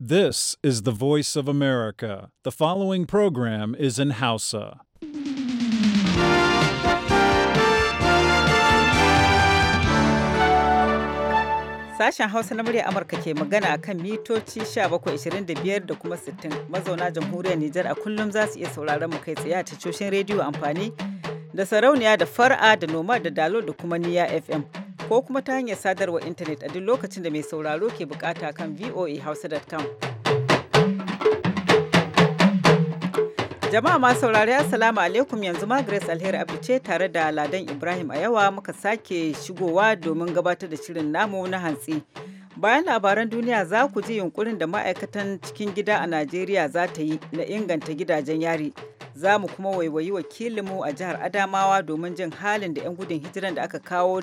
This is the voice of America. The following program is in Hausa. Sashen Hausa na murya Amurka ke magana akan mitoci 1725 da kuma 60 mazauna jamhuriyar Nijar a kullum za su iya sauraron mu kai tsaye a tashoshin rediyo amfani da sarauniya da far'a da noma da dalo da kuma niya FM. ko kuma ta hanyar sadarwar intanet a duk lokacin da mai sauraro ke bukata kan voahausa.com. Jama'a ma saurari Assalamu alaikum yanzu ma Grace Alheri Abdu ce tare da Ladan Ibrahim a yawa muka sake shigowa domin gabatar da shirin namu na hantsi. Bayan labaran duniya za ku ji yunkurin da ma'aikatan cikin gida a Najeriya za ta yi na inganta gidajen yari. Za mu kuma waiwayi wakilinmu a jihar Adamawa domin jin halin da 'yan gudun hijiran da aka kawo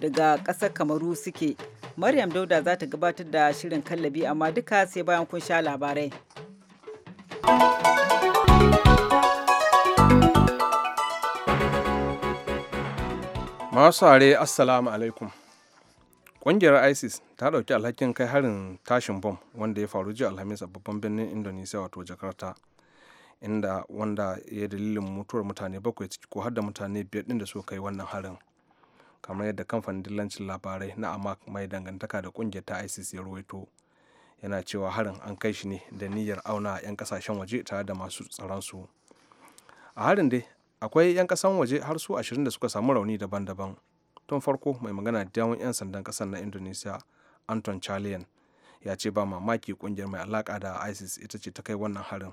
daga ƙasar kamaru suke maryam dauda za ta gabatar da shirin kallabi amma duka sai bayan kun sha labarai masu are assalamu alaikum ƙungiyar isis ta ɗauki alhakin kai harin tashin bom wanda ya faru jiya alhamis a babban birnin indonesia wato jakarta inda wanda ya dalilin mutuwar mutane bakwai ciki ko har da mutane biyar ɗin da suka kai wannan harin kamar yadda kamfanin dillancin labarai na amak mai dangantaka da kungiyar ta isis ya ruwaito yana cewa harin an kai shi ne da niyyar auna a 'yan kasashen waje tare da masu tsaransu a harin dai akwai 'yan kasan waje har su ashirin da suka samu rauni daban-daban tun farko mai magana da yawon 'yan sandan kasar na indonesia anton chalian ya ce ba mamaki kungiyar mai alaka da isis ita ce ta kai wannan harin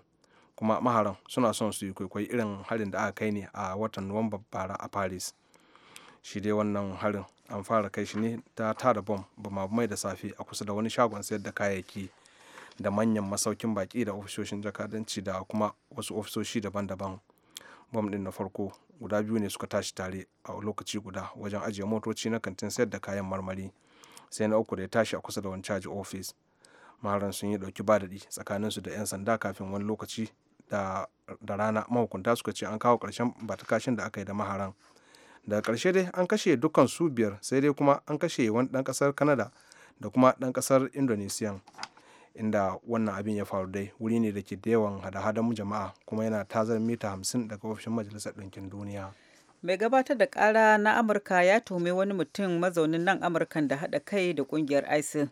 kuma maharan suna son su yi kwaikwai irin harin da aka kai ne a watan nuwamba bara a paris shi dai wannan harin an fara kai shi ne ta tara bom bama mai da safe a kusa da wani shagon sayar da kayayyaki da manyan masaukin baki da ofisoshin jakadanci da kuma wasu ofisoshi daban-daban bom din na farko guda biyu ne suka tashi tare a lokaci guda wajen ajiye motoci na kantin sayar da kayan marmari sai na uku da ya tashi a kusa da wani caji ofis maharan sun yi dauki ba daɗi su da 'yan sanda kafin wani lokaci da rana mahukunta suka ce an kawo ƙarshen batakashin da aka yi da maharan daga karshe dai an kashe dukkan su biyar sai dai kuma an kashe wani ɗan ƙasar canada da kuma ɗan ƙasar indonesia inda wannan abin ya faru dai wuri ne da ke da yawan hada-hadan jama'a kuma yana tazar mita hamsin daga ofishin majalisar ɗinkin duniya mai gabatar da kara na amurka ya tuhumi wani mutum mazaunin nan amurkan da haɗa kai da ƙungiyar isil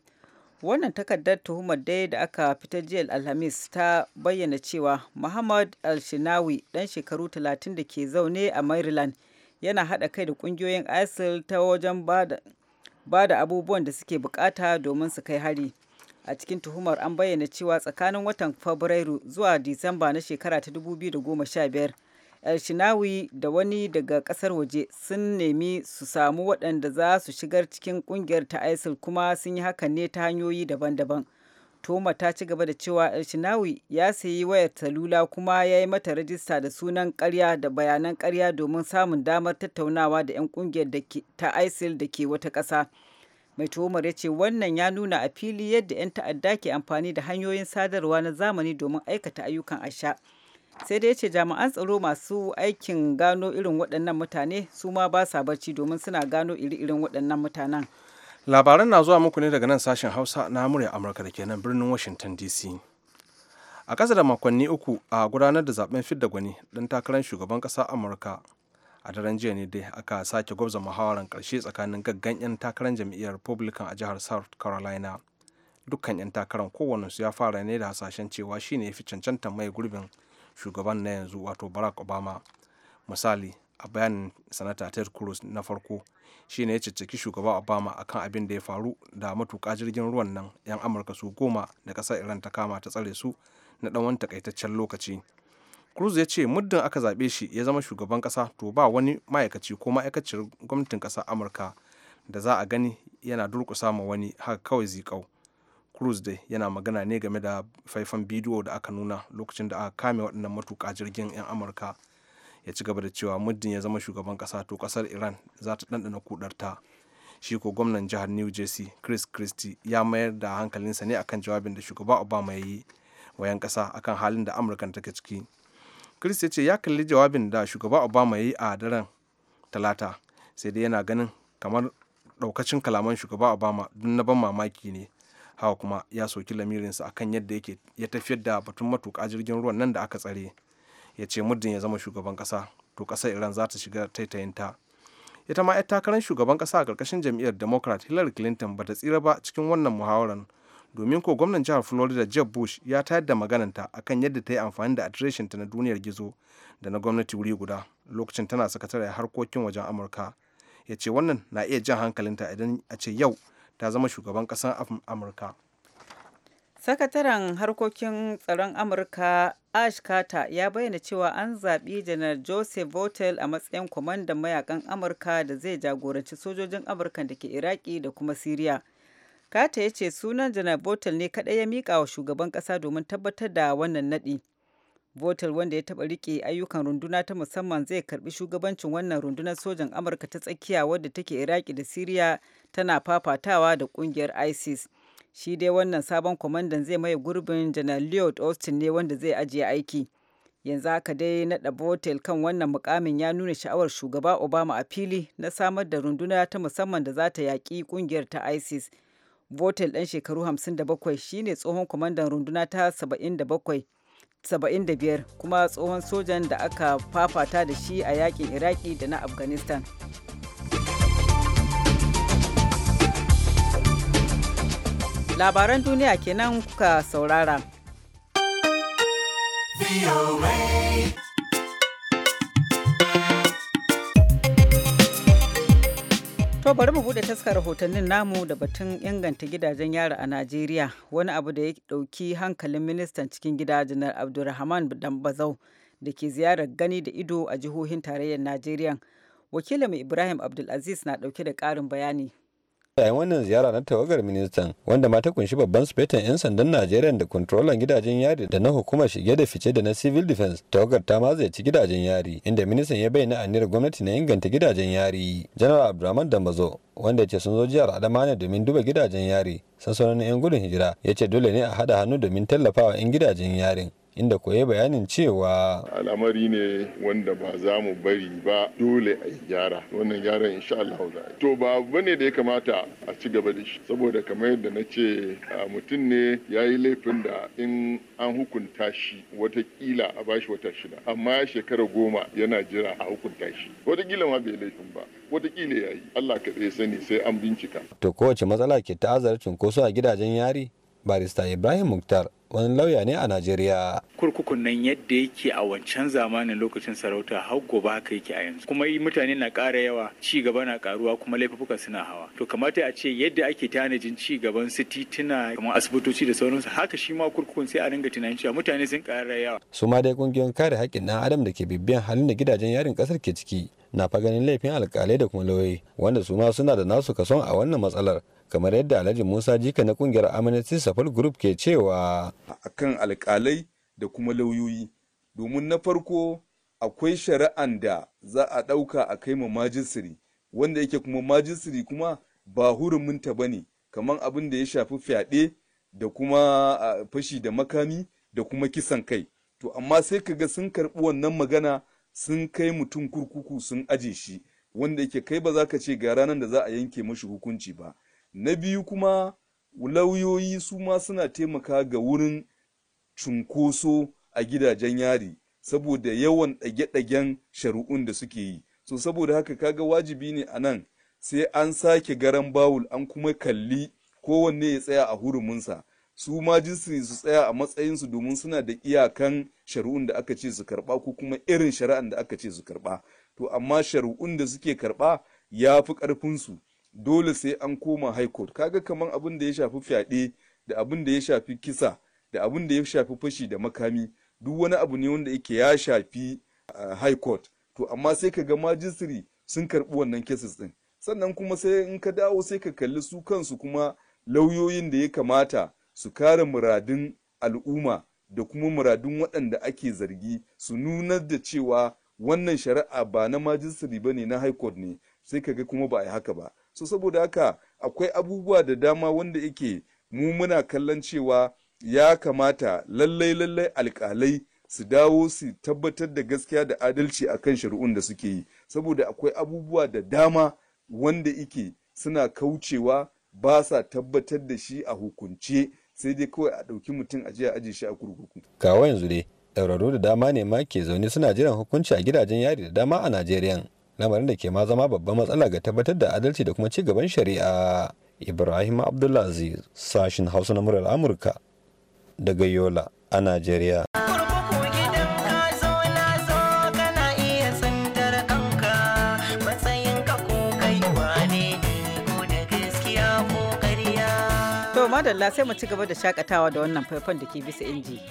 wannan takardar tuhumar dai da aka fita jiya alhamis ta bayyana cewa muhammad al-shinawi ɗan shekaru 30 da ke zaune a maryland yana haɗa kai da ƙungiyoyin isil ta wajen ba da abubuwan da suke bukata domin su kai hari a cikin tuhumar an bayyana cewa tsakanin watan fabrairu zuwa disamba na shekara ta 2015 el-shinawi da wani daga kasar waje sun nemi su samu waɗanda za su shigar cikin ƙungiyar ta isil kuma sun yi hakan ne ta hanyoyi daban-daban Toma ta ci gaba da cewa Elshinawi ya sayi wayar talula kuma ya yi mata rajista da sunan karya da bayanan karya domin samun damar tattaunawa da 'yan kungiyar ta ISIL da ke wata ƙasa. Mai tuhumar ya ce wannan ya nuna a fili yadda 'yan ta'adda ke amfani da hanyoyin sadarwa na zamani domin aikata ayyukan asha. Sai dai ce jami'an tsaro masu aikin gano irin waɗannan mutane su ma ba sa barci domin suna gano iri-irin waɗannan mutanen. labaran na zuwa muku ne daga nan sashen hausa na murya amurka da kenan birnin washington dc a ƙasa da makonni uku a gudanar da zaben fidda gwani don takarar shugaban ƙasa amurka a daren jiya ne dai aka sake gwabza muhawarar ƙarshe tsakanin gaggan 'yan takarar jam'iyyar republican a jihar south carolina dukkan 'yan takarar su ya fara ne da hasashen cewa shine ya fi cancanta mai gurbin shugaban na yanzu wato barack obama misali a bayanin sanata ted cruz na farko shi ne ya cicciki shugaba obama akan abin da ya faru da matuka jirgin ruwan nan 'yan amurka su goma da ƙasar iran ta kama ta tsare su na ɗan wani takaitaccen lokaci cruz ya ce muddin aka zaɓe shi ya zama shugaban ƙasa to ba wani ma'aikaci ko ma'aikaciyar gwamnatin ƙasar amurka da za a gani yana durƙusa ma wani haka kawai zikau cruz dai yana magana ne game da faifan bidiyo da aka nuna lokacin da aka kame waɗannan matuka jirgin 'yan amurka ya ci gaba da cewa muddin ya zama shugaban kasa to kasar iran za ta ɗanɗana kudarta shi ko gwamnan jihar new jersey chris christie ya mayar da hankalinsa ne akan jawabin da shugaba obama ya yi wayan kasa akan halin da amurka take ciki chris ya ce ya kalli jawabin da shugaba obama ya yi a daren talata sai dai yana ganin kamar ɗaukacin kalaman shugaba obama don na ban mamaki ne hawa kuma ya soki lamirinsa akan yadda yake ya tafiyar da batun matuƙa jirgin ruwan nan da aka tsare ya ce muddin ya zama shugaban kasa to kasar iran za ta shiga taitayinta ita ma 'yar takarar shugaban kasa a karkashin jam'iyyar democrat hillary clinton ba ta tsira ba cikin wannan muhawaran domin ko gwamnan jihar florida jeb bush ya tayar da magananta akan yadda ta yi amfani da ta na duniyar gizo da na gwamnati wuri guda lokacin tana sakatare harkokin wajen amurka ya ce wannan na iya jan hankalinta idan a ce yau ta zama shugaban ƙasar amurka Sakataren harkokin tsaron Amurka Ash Carter ya bayyana cewa an zaɓi janar Joseph Votel a matsayin kwamandan mayakan Amurka da zai jagoranci sojojin Amurka da ke Iraki da kuma Siriya. Carter ya ce sunan janar Votel ne kaɗai ya miƙa wa shugaban ƙasa domin tabbatar da wannan naɗi. Votel wanda ya taɓa riƙe ayyukan runduna ta musamman zai karɓi shugabancin wannan rundunar sojan Amurka ta tsakiya wadda take Iraki da Siriya tana fafatawa da ƙungiyar ISIS. shi dai wannan sabon kwamandan zai maye gurbin janar lloyd austin ne wanda zai ajiye aiki yanzu haka dai naɗa botel kan wannan mukamin ya nuna sha'awar shugaba obama a fili na samar da runduna ta musamman da za ta yaƙi ƙungiyar ta isis botel ɗan shekaru 57 shine tsohon kwamandan runduna ta 75 kuma tsohon sojan da aka fafata da shi a yaƙin iraki da na afghanistan labaran duniya kenan kuka saurara To bari mu bude taskar rahotannin namu da batun inganta gidajen yara a Najeriya wani abu da ya ɗauki hankalin ministan cikin gida janar Abdulrahman Dambazau da ke ziyarar gani da ido a jihohin tarayyar Najeriya. Wakilinmu Ibrahim Abdulaziz na ɗauke da ƙarin bayani. yayin wannan ziyara na tawagar ministan wanda ma ta kunshi babban sufetan 'yan sandan najeriya da kontrolan gidajen yari da na hukumar shige da fice da na civil defense tawagar ta ci gidajen yari inda ministan ya bayyana aniyar gwamnati na inganta gidajen yari janar abdulrahman dambazo wanda ce sun zo jihar adama domin duba gidajen yari sansanonin 'yan gudun hijira ya ce dole ne a haɗa hannu domin tallafawa 'yan gidajen yarin inda koyi bayanin cewa al'amari ne wanda ba za mu bari ba dole a yi gyara wannan gyaran insha Allah za a to ba bane da ya kamata a ci gaba da shi saboda kamar yadda na ce mutum ne ya yi laifin da in an hukunta shi watakila a bashi wata shida amma ya shekara goma yana jira a hukunta shi watakila ma bai laifin ba watakila ya yi Allah ka tsaye sani sai an bincika to kowace matsala ke ta ta'azar cunkoso a gidajen yari barista Ibrahim Muktar wani lauya ne a Najeriya. Kurkukun nan yadda yake a wancan zamanin lokacin sarauta har gobe haka yake a yanzu. Kuma mutane na ƙara yawa, ci gaba na ƙaruwa kuma laifuka suna hawa. To kamata a ce yadda ake tanajin ci gaban su tituna kamar asibitoci da sauransu haka shi ma kurkukun sai a ringa tunanin cewa mutane sun ƙara yawa. Su ma dai kungiyoyin kare haƙƙin ɗan adam da ke bibiyan halin da gidajen yarin ƙasar ke ciki na fa ganin laifin alƙalai da kuma lauyoyi wanda su ma suna da nasu kason a wannan matsalar. kamar yadda alhaji musa jika na kungiyar amnesty safar group ke cewa akan alkalai da kuma lauyoyi domin na farko akwai shari'an da za a ɗauka a kai ma majisiri wanda yake kuma majisiri kuma ba huruminta ba ne kamar abin da ya shafi fyaɗe da kuma fashi da makami da kuma kisan kai to amma sai ka ga sun karɓi wannan magana sun kai mutum kurkuku sun aje shi wanda yake kai ba za ka ce ga ranar da za a yanke mashi hukunci ba na biyu kuma lauyoyi su ma suna taimaka ga wurin cunkoso a gidajen yari saboda yawan ɗage-ɗagen shari'un da suke yi so saboda haka kaga wajibi ne a nan sai an sake garan bawul an kuma kalli kowanne ya tsaya a huruminsa su ma jinsi su tsaya a matsayinsu domin suna da iyakan shari'un da aka ce su karba ko kuma irin shari'an da aka ce su karba to amma shari'un da suke karba ya fi ƙarfinsu dole sai an koma high court kaga kaman abin da ya shafi fyaɗe da abin da ya shafi kisa da abin da ya shafi fashi da makami duk wani abu ne wanda yake ya shafi eh, high court to amma sai ka ga majistri sun karɓi wannan cases ɗin sannan kuma sai in ka dawo sai ka kalli su kansu kuma lauyoyin da ya kamata su kare muradun al'umma da kuma muradun waɗanda ake zargi su nunar da cewa wannan shari'a ba na majistri ba ne na high court ne sai ka ga kuma ba a yi haka ba so saboda haka akwai abubuwa da dama wanda yake mu muna kallon cewa ya kamata lallai lallai alkalai su dawo su tabbatar da gaskiya da adalci akan shari'un da suke yi saboda akwai abubuwa da dama wanda yake suna kaucewa ba sa tabbatar da shi a hukunce sai dai kawai a ɗauki mutum a a aje shi a kurkuku. Kawo yanzu dai, da dama ne ma ke zaune suna jiran hukunci a gidajen yari da dama a Najeriya. lamarin da ke ma zama babban matsala ga tabbatar da adalci da kuma ci gaban shari'a ibrahim abdulaziz sashin hausa na murar amurka daga yola a najeriya madalla sai mu ci gaba da shakatawa da wannan faifan da ke bisa inji.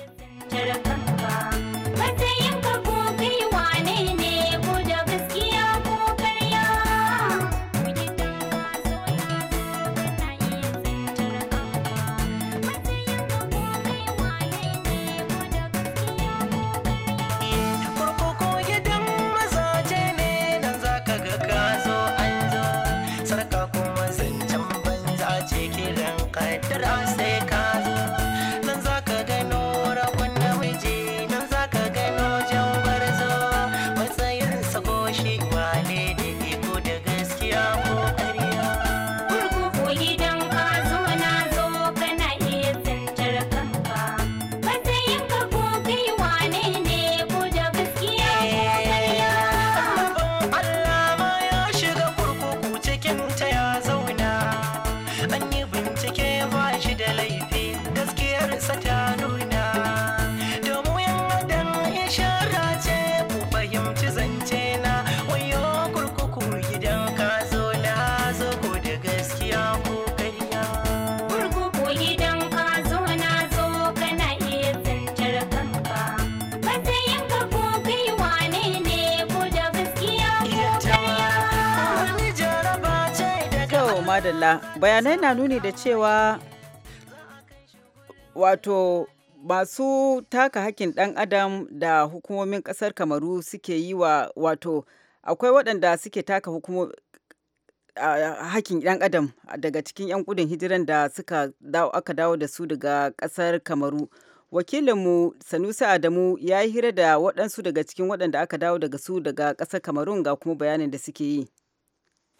madalla bayanai na nuni da cewa wato masu taka hakkin ɗan adam da hukumomin ƙasar kamaru suke yi wa wato akwai waɗanda suke taka hukumo hakkin ɗan adam daga cikin 'yan gudun hijiran da suka aka dawo da su daga ƙasar kamaru wakilinmu sanusi adamu ya yi hira da waɗansu daga cikin waɗanda aka dawo daga su daga ƙasar kamaru ga kuma bayanin da suke yi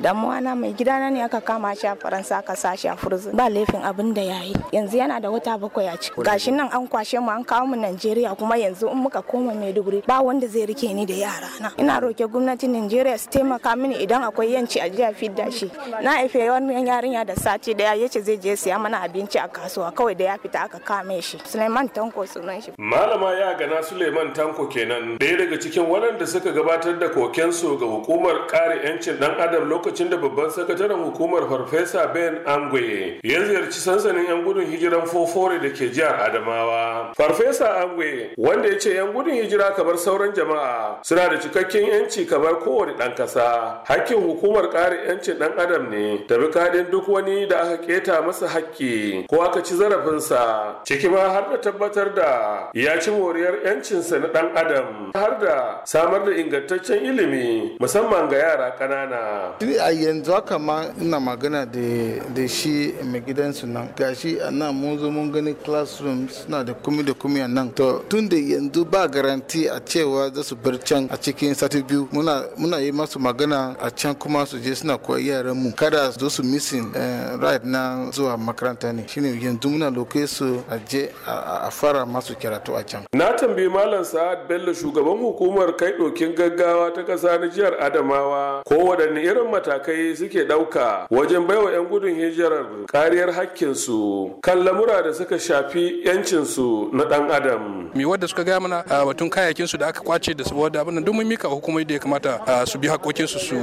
na mai gidana ne aka kama shi a faransa aka sa shi a furzin ba laifin abin da yayi yanzu yana da wata bakwai a ciki gashi nan an kwashe mu an kawo mu najeriya kuma yanzu in muka koma maiduguri ba wanda zai rike ni da yara na ina roke gwamnatin najeriya su taimaka mini idan akwai yanci a jiya fidda shi na haife wannan yarinya da sati daya yace zai je siya mana abinci a kasuwa kawai da ya fita aka kame shi suleiman tanko sunan shi malama ya gana suleiman tanko kenan daya daga cikin waɗanda suka gabatar da kokensu ga hukumar kare 'yancin dan adam lokacin lokacin da babban sakataren hukumar farfesa ben angwe ya ziyarci sansanin 'yan gudun hijiran fofore da ke jihar adamawa farfesa angwe wanda ya ce 'yan gudun hijira kamar sauran jama'a suna da cikakken 'yanci kamar kowane ɗan ƙasa hakkin hukumar kare 'yancin ɗan adam ne Ta bi kaɗin duk wani da aka keta masa hakki ko aka ci zarafinsa ciki ma har da tabbatar da ya ci moriyar 'yancinsa na ɗan adam har da samar da ingantaccen ilimi musamman ga yara ƙanana a yanzu haka ma ina magana da shi mai gidansu nan gashi a nan mun zo mun gani classroom suna da kumi da kumi a nan to tun da yanzu ba garanti a cewa za su bar can a cikin sati biyu muna yi masu magana a can kuma su je suna koyi yaran mu kada su zo su missing eh, right na zuwa makaranta ne shine yanzu muna loke su a je a fara masu karatu a can na tambayi malam sa'ad bello shugaban hukumar kai dokin gaggawa ta kasa na jihar adamawa ko waɗanne irin mata matakai suke ɗauka wajen baiwa 'yan gudun hijirar kariyar hakkinsu kan lamura da suka shafi 'yancinsu na ɗan adam. Mi wadda suka gaya mana a batun su da aka kwace da su abin duk mun mika hukumai da ya kamata su bi hakokinsu su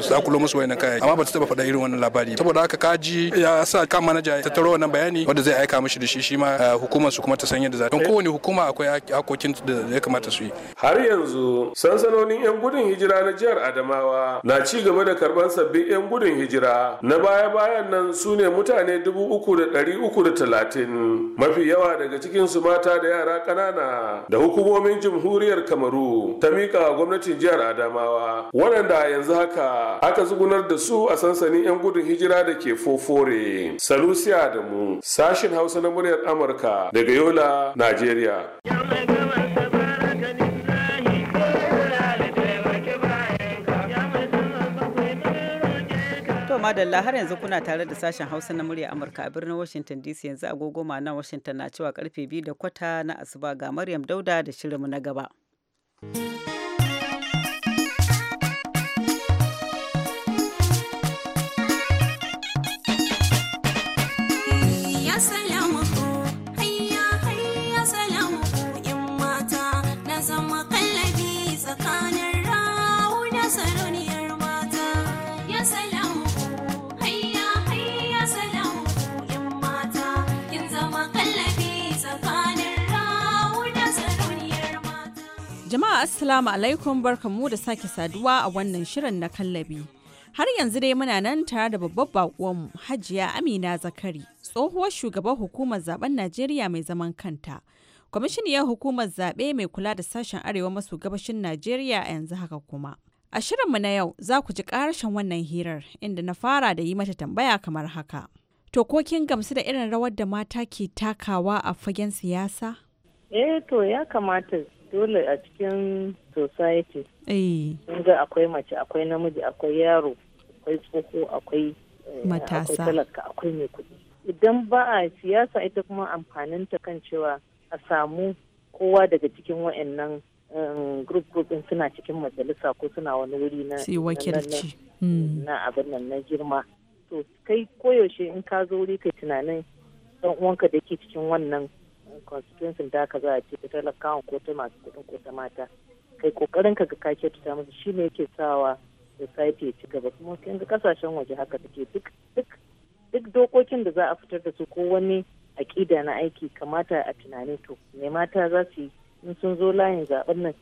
sakulo musu wayannan kayayyaki amma ba su taɓa faɗa irin wannan labari saboda aka kaji ya sa kan manaja ya tattaro wannan bayani wanda zai aika mishi da shi shi ma hukumar su kuma ta sanya da za don kowane hukuma akwai hakokin da ya kamata su yi. Har yanzu sansanonin 'yan gudun hijira na jihar Adamawa na ci gaba da karɓar sauran sabbin 'yan gudun hijira na baya-bayan nan su ne mutane talatin, mafi yawa daga cikinsu mata da yara ƙanana da hukumomin jamhuriyar kamaru ta miƙa gwamnatin jihar adamawa waɗanda yanzu haka aka tsugunar da su a sansanin 'yan gudun hijira da ke fofore salusiya da mu sashin hausa na muryar amurka daga yola najeriya To madalla har yanzu kuna tare da sashen Hausa na murya Amurka a birnin Washington DC yanzu agogo na Washington na cewa karfe biyu da kwata na asuba ga Maryam Dauda da shirinmu na gaba. Jama'a Assalamu alaikum barkamu da sake saduwa a wannan shirin na kallabi. Har yanzu dai muna nan tare da babbar baƙonmu Hajiya Amina Zakari, tsohuwar shugaban hukumar zaben Najeriya mai zaman kanta. Kwamishiniyar hukumar zaɓe mai kula da sashen arewa maso gabashin Najeriya a yanzu haka kuma. A shirin mu na yau za ku ji ƙarashin wannan hirar inda na fara da yi mata tambaya kamar haka. To ko kin gamsu da irin rawar da mata ke takawa a fagen siyasa? Eh to ya kamata dole a cikin society eh. kun ga akwai mace akwai namiji akwai yaro akwai tsoho akwai eh, matasa talaka akwai mai kuɗi idan ba a siyasa ita kuma amfanin ta kan cewa a samu kowa daga cikin wa'annan um, group group din suna cikin majalisa ko suna wani wuri na wakilci hmm. na abin nan na girma to kai koyaushe in ka zo wuri kai tunanin dan uwanka da ke cikin wannan constituency da ka za a ce ta talakawa ko ta masu kuɗin ko ta mata kai kokarin ka ga ka kyautata musu shine yake sawa society ya ci gaba kuma sai ga kasashen waje haka take duk duk duk dokokin da za a fitar da su ko wani aƙida na aiki kamata a tunani to ne mata za su yi in sun zo layin zaben nan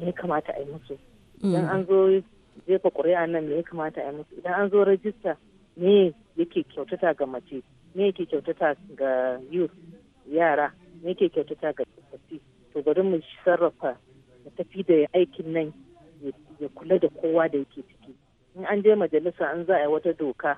me kamata a yi musu mm. idan an zo jefa ƙuri'a nan me kamata a yi musu idan an zo rajista me yake kyautata ga mace me yake kyautata ga youth yara me yake kyautata ga tsofaffi to bari mu sarrafa mu tafi da aikin nan ya kula da kowa da yake ciki in an je majalisa an za a yi wata doka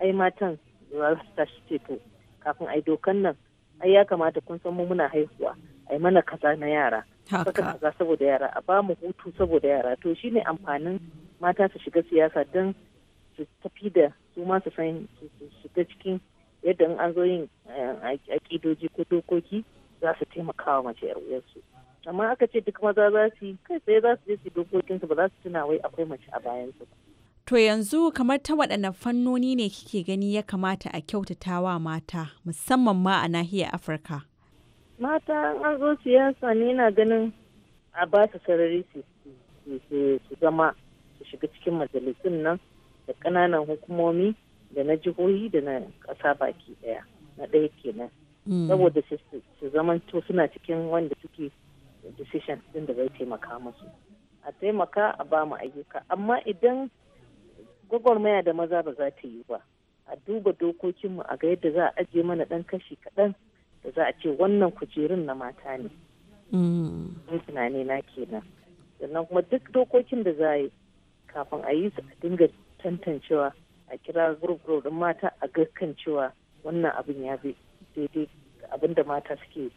ai matan za su tashi ce to kafin ai dokan nan ai ya kamata kun san mu muna haihuwa ai mana kaza na yara haka kaza saboda yara a ba mu hutu saboda yara to shine amfanin mata su shiga siyasa don su tafi da su ma su san su shiga cikin yadda an zo yin eh, akidoji ko dokoki za su taimaka wa mace yar uwarsu amma aka ce duk maza za su yi kai tsaye za su je su dokokinsu ba za su tuna wai akwai mace a bayansu ba To yanzu kamar ta waɗanne fannoni ne kike gani ya kamata a kyautata wa mata musamman ma a nahiyar Afirka? Mata an zo siyasa ne na ganin a ba su sarari su zama su shiga cikin majalisun nan da ƙananan hukumomi da na jihohi da na ƙasa baki ɗaya na ɗaya kenan mm. saboda su zamanto suna cikin wanda suke decision ɗin da zai taimaka musu a taimaka a ba mu ayyuka amma idan gwagwarmaya da maza ba za ta yi ba a duba dokokinmu a ga yadda za a ajiye mana ɗan kashi kaɗan da za a ce wannan kujerun na mata ne mm. in tunani na kenan sannan kuma duk dokokin da za a yi kafin a yi su a dinga tantancewa a kira group mata a ga kan cewa wannan abin ya bi daidai abin da mata suke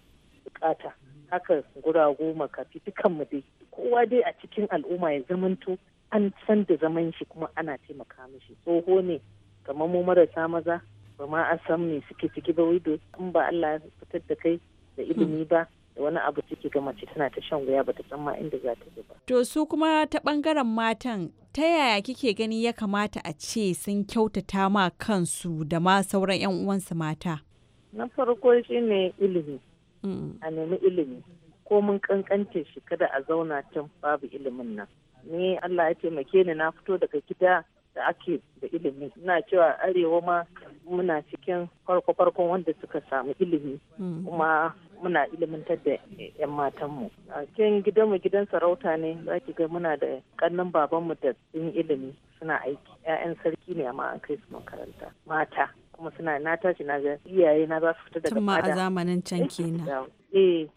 bukata haka gurago makafi dukan mu dai kowa dai a cikin al'umma ya zamanto an san da zaman shi kuma ana taimaka mishi tsoho ne kamar mu marasa maza ba ma an san me suke ciki ba wai in ba Allah ya fitar da kai da ilimi ba wani abu take ga mace tana ta shan wuya bata san ma inda za ta ba. To su kuma ta bangaren matan ta yaya kike gani ya kamata a ce sun kyautata ma kansu da ma sauran 'yan uwansu mata? Na farko shi ne ilimi. Mm. A nemi ilimi. Ko mun kankance shi kada a zauna can babu ilimin nan. Ni Allah ya taimake ni na fito daga gida da ake da ilimi na cewa arewa ma muna cikin farko-farkon wanda suka samu ilimi mm. kuma muna ilimantar da 'yan matanmu. A cikin gidanmu gidan sarauta ne za ki ga muna da kannan babanmu da sun ilimi suna aiki 'ya'yan sarki ne amma an kai su makaranta mata kuma suna na tashi na ga iyaye na za su fita daga fada. Tun a zamanin can eh, kenan. Eh,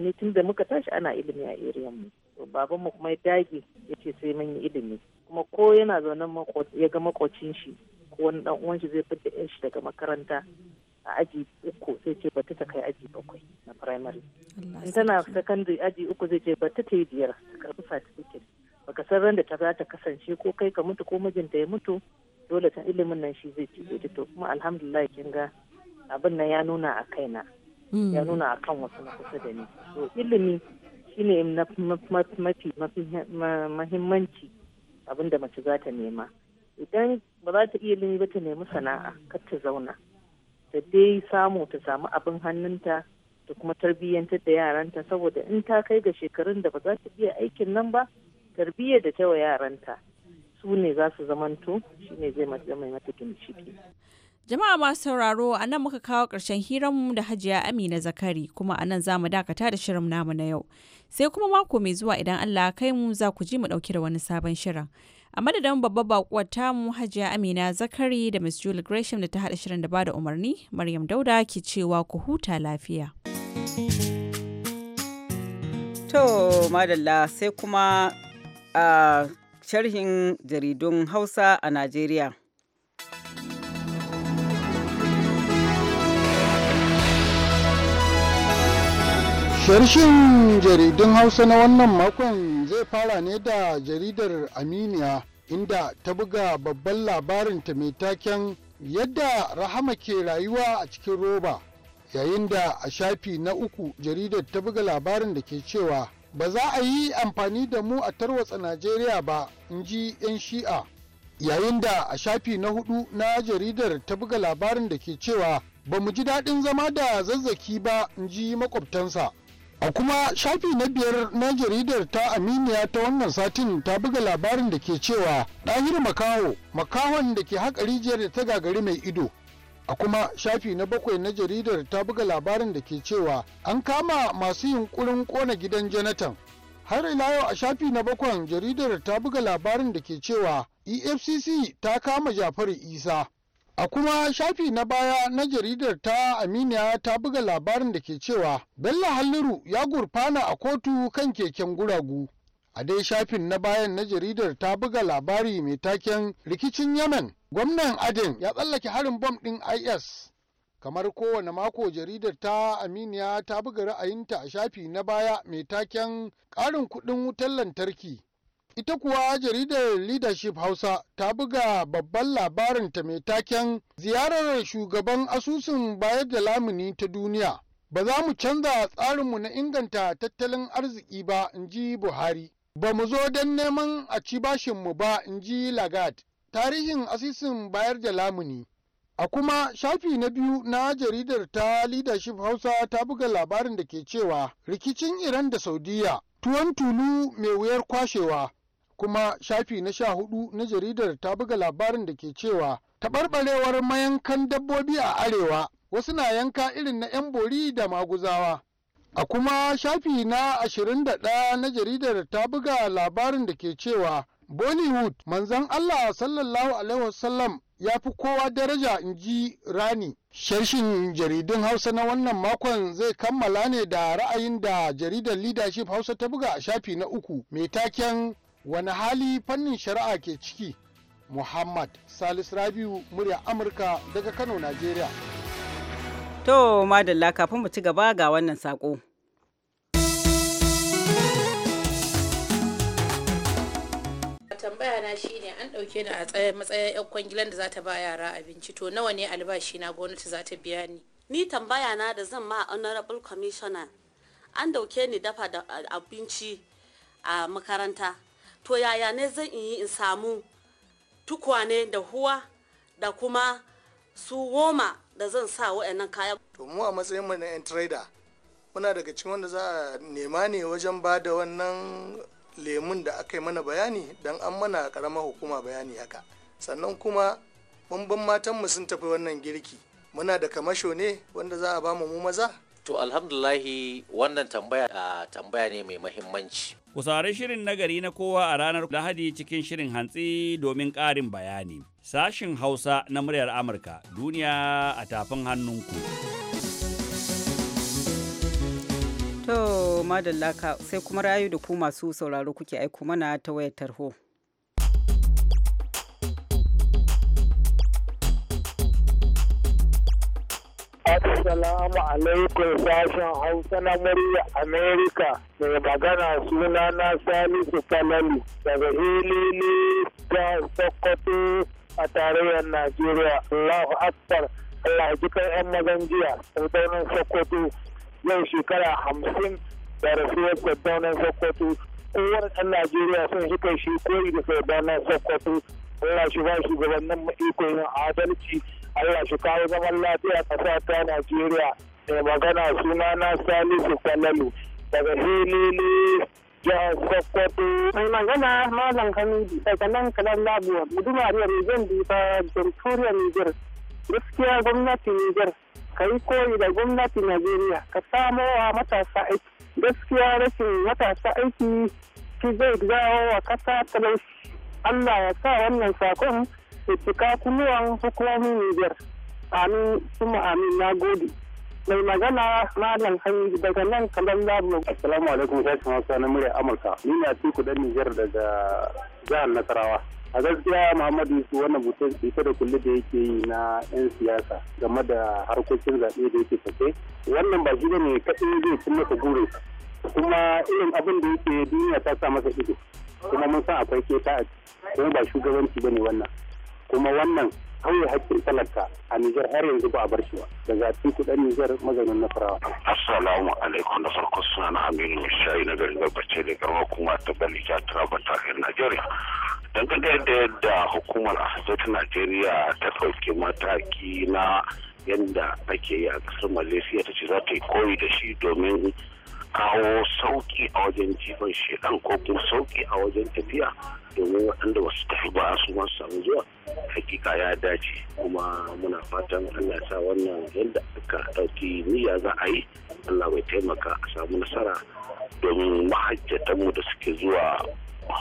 ne tun da muka tashi ana ilimi a eriyan mu. Babanmu kuma ya dage ya ce sai mun yi ilimi. Kuma ko yana zaune ya ga makocin shi ko wani dan uwan shi zai fita shi daga makaranta a aji uku zai ce bata ta kai aji bakwai na primary in tana secondary aji uku zai ce bata ta yi biyar ta karbi certificate baka san ran da ta za ta kasance ko kai ka mutu ko mijinta ya mutu dole ta ilimin nan shi zai cije ta to kuma alhamdulillah kin ga abin nan ya nuna a kaina ya hmm. nuna a kan wasu na kusa da ni to ilimi shine mafi mahimmanci abin da mace za ta nema idan ba za ta iya ilimi ba ta nemi sana'a kar ta zauna ta dai samu ta samu abin hannunta da kuma tarbiyyantar da yaranta saboda in ta kai ga shekarun da ba za ta iya aikin nan ba tarbiyyar da ta wa yaranta su ne za su zamanto shi ne zai mata mai mata ginshiki. Jama'a masu sauraro a nan muka kawo ƙarshen hiranmu da hajiya Amina Zakari kuma a nan za mu dakata da shirin namu na yau. Sai kuma mako mai zuwa idan Allah kai mu za ku ji mu ɗauki da wani sabon shirin. a madadin babbar ta mu hajiya amina zakari da miss julie gresham da ta haɗa shirin da bada umarni maryam dauda ke cewa ku huta lafiya to madalla sai kuma a ah, sharhin jaridun hausa a najeriya Sharshin jaridun Hausa na wannan makon zai fara ne da jaridar Aminiya inda ta buga babban labarin ta mai taken yadda rahama ke rayuwa a cikin roba yayin da a shafi na uku jaridar ta buga labarin da ke cewa ba za a yi amfani da mu a tarwatsa Najeriya ba in ji 'yan shi'a yayin da a shafi na hudu na jaridar ta buga labarin da ke cewa ba mu ji daɗin zama da zazzaki ba in ji makwabtansa. A kuma shafi na biyar na jaridar ta Aminiya ta wannan satin ta buga labarin da ke cewa ɗahir makaho makahon da ke haƙa rijiyar da ta gagari mai ido. A kuma shafi na bakwai na jaridar ta buga labarin da ke cewa an kama masu yunkurin ƙona gidan Jonathan. Har ila yau a shafi na bakwan jaridar ta buga labarin da ke cewa EFCC ta kama Jafaru Isa. A kuma shafi na baya na jaridar ta Aminiya ta buga labarin da ke cewa Bello Halliru ya gurfana a kotu kan keken guragu. A dai shafin na bayan na jaridar ta buga labari mai taken rikicin Yemen, gwamnan Aden ya tsallake harin bom ɗin IS. Kamar kowane mako jaridar ta Aminiya ta buga ra'ayinta a shafi na baya mai taken ƙarin kuɗin wutar lantarki. Ita kuwa jaridar Leadership Hausa ta buga babban labarin ta mai taken ziyarar shugaban asusun bayar da lamuni ta duniya. Ba za mu canza tsarinmu na inganta tattalin arziki ba, in ji Buhari. Ba mu zo don neman a ci bashinmu ba, in ji Lagat. Tarihin asusun bayar da lamuni. A kuma shafi na biyu na jaridar ta Leadership Hausa ta buga labarin da ke cewa rikicin Iran da Saudiya tuwon tulu mai wuyar kwashewa kuma shafi na sha hudu na jaridar ta buga labarin da ke cewa taɓarɓarewar mayankan dabbobi a arewa wasu na yanka irin na 'yan bori da maguzawa a kuma shafi na ashirin 21 na jaridar ta buga labarin da ke cewa bollywood manzon allah sallallahu alaihi wasallam ya fi kowa daraja in ji rani sharshin jaridun hausa na wannan makon zai kammala ne da ra'ayin da jaridar leadership hausa ta buga a shafi na uku mai taken wani hali fannin shari'a ke ciki muhammad salis rabiu murya amurka daga kano nigeria to madalla kafin mu ci gaba ga wannan sako tambaya na shine an dauke ni a matsayin yan kwangilan da za ta ba yara abinci to nawa ne albashi na gwamnati za ta biya ni ni tambaya na da zan ma honorable commissioner an dauke ni dafa da abinci a makaranta to yaya ne zan yi in samu tukwane da huwa da kuma su goma da zan sa wa'annan kaya. To mu a matsayin mu na 'yan trader muna daga cikin wanda za a nema ne wajen ba da wannan lemun da aka yi mana bayani don an mana karama hukuma bayani haka. Sannan kuma bambam mu sun tafi wannan girki muna da kamasho ne wanda za a ba mu maza? To alhamdulahi wannan tambaya ah, tambaya ne mai mahimmanci. Ku saurari shirin nagari na kowa a ranar Lahadi cikin shirin hantsi domin ƙarin bayani. Sashin Hausa na muryar Amurka, duniya a tafin hannunku. To, madallaka sai kuma rayu da ku masu sauraro kuke aiko mana ta wayar tarho. Assalamu alaikum sashen Hausa na murya Amerika mai magana suna na Salisu Falalu daga Hilili ga Sokoto a tarayyar Najeriya. Allah Akbar Allah ji kai 'yan mazan jiya Sardaunan Sokoto yau shekara hamsin da rasuwar Sardaunan Sokoto. Kowane ɗan Najeriya sun shi kai shi koyi da Sardaunan Sokoto. Allah shi ba gabanin ikon adalci Allah shi kawo zaman lafiya ƙasa ta Najeriya. Mai magana suna na Salisu Falalu daga Hilili jihar Sokoto. Mai magana Malam Hamidu daga nan kalan labuwa guduma riyar Nijar da Jamhuriyar Nijar. Gaskiya gwamnati Nijar ka yi koyi da gwamnati Najeriya ka samo wa matasa aiki. Gaskiya rashin matasa aiki shi zai jawo wa kasa talauci. Allah ya sa wannan sakon fiffika kulluwan hukumomin Nijar. Amin kuma amin na gode. Mai magana nan hanyar daga nan kamar Labu. Assalamu alaikum sashen Hausa na murya Amurka. Ni na ci Nijar daga jihar Nasarawa. A gaskiya Muhammadu Yusuf wannan mutum ita da kulle da yake yi na 'yan siyasa game da harkokin zaɓe da yake tafe. Wannan ba shi ne kaɗai zai cin masa gure kuma irin abin da yake duniya ta sa masa ido kuma mun san akwai keta a kuma ba shugabanci ba ne wannan kuma wannan kawai hakkin talaka a Nijar har yanzu ba a bar shi ba da zafi kudan Nijar mazaunin Nasarawa. Assalamu alaikum da farko suna na Aminu Mishayi na garin Garbace da garma kuma ta Balija Taraba ta kai Najeriya. Dangane da yadda hukumar asibiti Najeriya ta ɗauki mataki na yadda ake yi a ƙasar Malaysia ta ce za ta yi koyi da shi domin kawo sauki a wajen jifan shekaru ko kuma sauki a wajen tafiya domin waɗanda ba su tafi ba su masu samu zuwa hakika ya dace kuma muna fatan allah sa wannan yadda aka ɗauki niyya za a yi allah bai taimaka a samu nasara domin mahajjatanmu da suke zuwa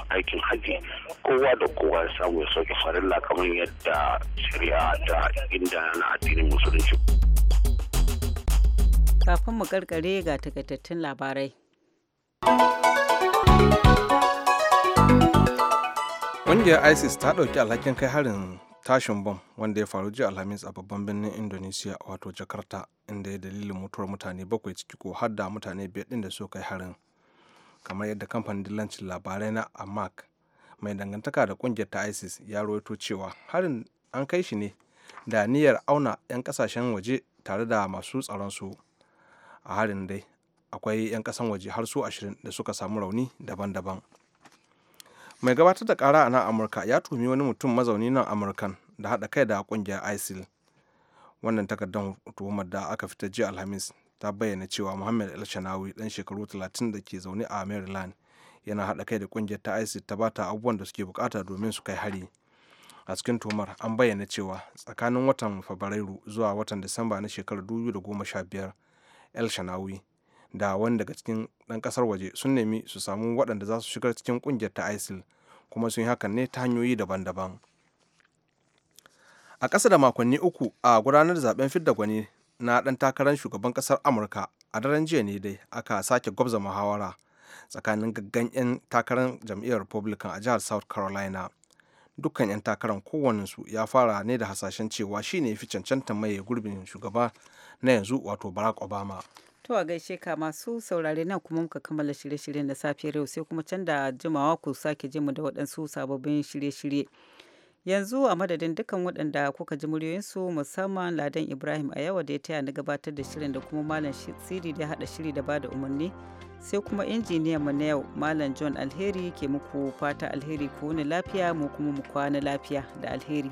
aikin haji kowa da kowa ya samu ya sauke farilla kamar yadda shari'a ta inda na addinin musulunci. Kafin mu karkare ga takaitattun labarai. Ƙungiyar ISIS ta ɗauki alhakin kai harin tashin bom wanda ya faru jiya alhamis a babban birnin indonesia wato jakarta inda ya dalilin mutuwar mutane bakwai ciki ko har da mutane biyar ɗin da su kai harin kamar yadda kamfanin dillancin labarai na amak mai dangantaka da ƙungiyar ta isis ya rawaito cewa harin an kai shi ne da niyyar auna 'yan kasashen waje tare da masu tsaron su a harin dai akwai 'yan kasan waje har su ashirin da suka samu rauni daban-daban mai gabatar da kara a nan amurka ya tumi wani mutum mazauni nan amurkan da haɗa kai da ƙungiyar isil wannan takardar tuhumar da aka fitar jiya alhamis ta bayyana cewa muhammad el shanawi dan shekaru 30 da ke zaune a maryland yana haɗa kai da kungiyar ta isil ta bata abubuwan da suke bukata domin su kai hari a cikin tuhumar an bayyana cewa tsakanin watan fabrairu zuwa watan disamba na shekarar 2015 el shanawi da wani daga cikin ɗan kasar waje sun nemi su samu waɗanda za su shigar cikin ƙungiyar ta isil kuma sun yi hakan ne ta hanyoyi daban-daban a ƙasa da makonni uku a gudanar zaben fidda gwani na ɗan takarar shugaban ƙasar amurka a daren jiya ne dai aka sake gwabza muhawara tsakanin gaggan 'yan takarar jam'iyyar republican a jihar south carolina dukkan 'yan takarar su ya fara ne da hasashen cewa shi ne fi cancanta mai gurbin shugaba na yanzu wato barack obama To a gaishe ka masu saurare nan kuma muka kammala shirye-shiryen da safiyar yau sai kuma can da jimawa ku sake jimu da waɗansu sababbin shirye-shirye. Yanzu a madadin dukkan waɗanda kuka ji muryoyinsu musamman Ladan Ibrahim a yawa da ya taya na gabatar da shirin da kuma Malam Siri da haɗa shiri da bada umarni sai kuma injiniyan mu na yau Malam John Alheri ke muku fata alheri ku wani lafiya mu kuma mu kwana lafiya da alheri.